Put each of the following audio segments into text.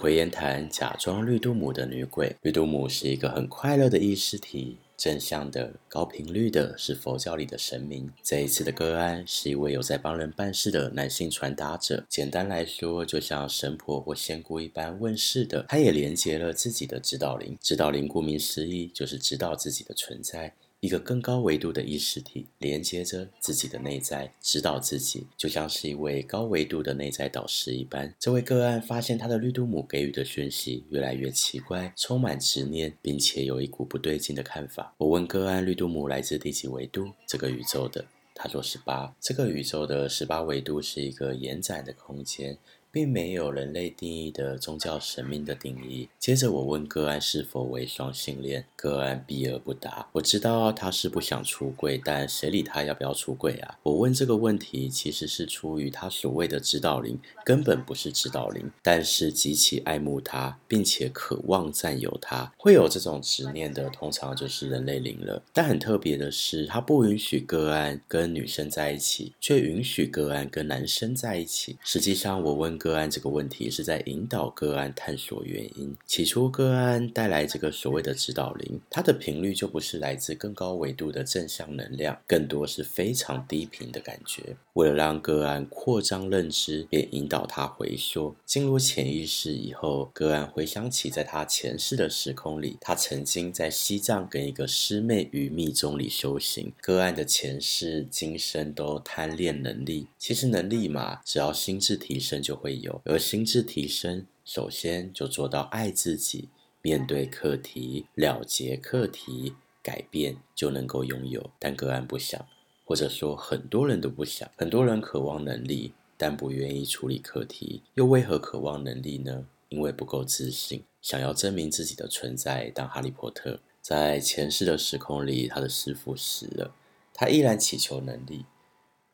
驅魔實錄一，假裝綠度母的女鬼，綠度母是一個很快樂的意識體，正向的高頻率的，是佛教裡的神明。這一次的個案是一位有在幫人辦事的男性傳達者，簡單來說，就像神婆或仙姑一般問事的，她也連接了自己的指導靈，指導靈顧名思義就是知道自己的存在，一個更高維度的意識體連接着自己的內在，指導自己，就像是一位高維度的內在導師一般。這位個案發現他的綠度母給予的訊息越來越奇怪，充滿執念，並且有一股不對勁的看法。我問個案，綠度母來自第幾維度，這個宇宙的？他說十八。這個宇宙的十八維度是一個延展的空間。並沒有人類定義的宗教神明的定義。接着我問個案是否為雙性戀，個案避而不答。我知道他是不想出櫃，但誰理他要不要出櫃啊？我問這個問題，其實是出於他所謂的指導靈，根本不是指導靈，但是極其愛慕他，並且渴望占有他。會有這種執念的，通常就是人類靈了。但很特別的是，他不允許個案跟女生在一起，卻允許個案跟男生在一起。實際上，我問。個案這個問題是在引導個案探索原因。起初，個案帶來這個所謂的指導靈，它的頻率就不是來自更高維度的正向能量，更多是非常低頻的感覺。為了讓個案擴張認知，便引導他回溯。進入潛意識以後，個案回想起在他前世的時空裡，他曾經在西藏跟一個師妹於密宗裡修行。個案的前世今生都貪戀能力，其實能力嘛，只要心智提升就會。有而心智提升，首先就做到愛自己，面對課題，了結課題，改變就能夠擁有。但個案不想，或者說很多人都不想，很多人渴望能力，但不願意處理課題，又為何渴望能力呢？因為不夠自信，想要證明自己的存在。當哈利波特在前世的時空裡，他的師傅死了，他依然祈求能力。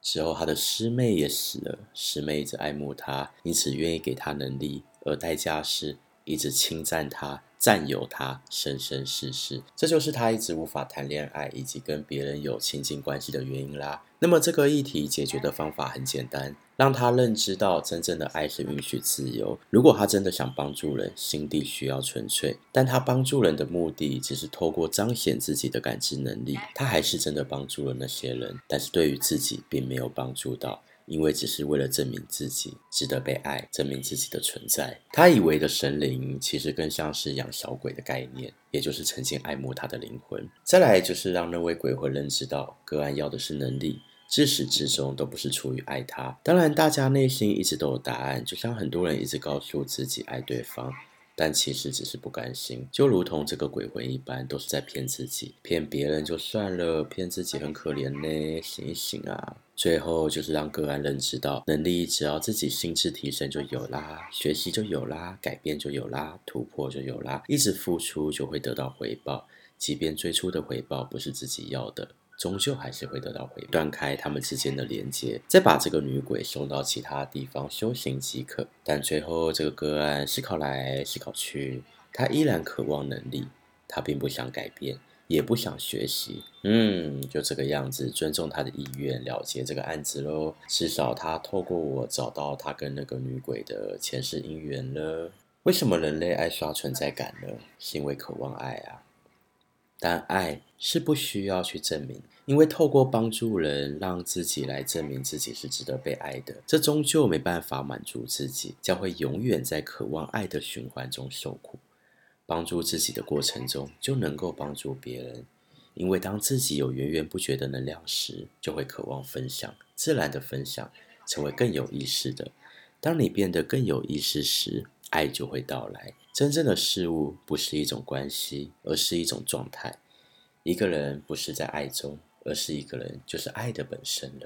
之後，他的師妹也死了。師妹一直愛慕他，因此願意給他能力，而代價是一直侵占他、占有他，生生世世。這就是他一直無法談戀愛以及跟別人有親近關係的原因啦。那麼，這個議題解決的方法很簡單。讓他認知到，真正的愛是允許自由。如果他真的想幫助人，心地需要純粹。但他幫助人的目的，只是透過彰顯自己的感知能力。他還是真的幫助了那些人，但是對於自己並沒有幫助到，因為只是為了證明自己值得被愛，證明自己的存在。他以為的神靈，其實更像是養小鬼的概念，也就是曾經愛慕他的靈魂。再來就是讓那位鬼魂認知到，個案要的是能力。自始至終都不是出於愛他，當然大家內心一直都有答案，就像很多人一直告訴自己愛對方，但其實只是不甘心。就如同這個鬼魂一般，都是在騙自己、騙別人就算了，騙自己很可憐呢，醒一醒啊！最後就是讓個案認知到，能力只要自己心智提升就有啦，學習就有啦，改變就有啦，突破就有啦，一直付出就會得到回報，即便最初的回報不是自己要的。終究還是會得到回應，斷開他們之間的連接，再把這個女鬼送到其他地方修行即可。但最後這個個案思考來思考去，他依然渴望能力，他並不想改變，也不想學習。嗯，就這個樣子，尊重他的意願，了結這個案子嘍。至少他透過我找到他跟那個女鬼的前世姻緣了。為什麼人類愛刷存在感呢？是因為渴望愛啊。但愛是不需要去證明，因為透過幫助人，讓自己來證明自己是值得被愛的，這終究沒辦法滿足自己，將會永遠在渴望愛的循環中受苦。幫助自己的過程中，就能夠幫助別人，因為當自己有源源不絕的能量時，就會渴望分享，自然地分享，成為更有意識的。當你變得更有意識時，愛就會到來。真正的事物不是一種關係，而是一種狀態。一個人不是在愛中，而是一個人，就是愛的本身了。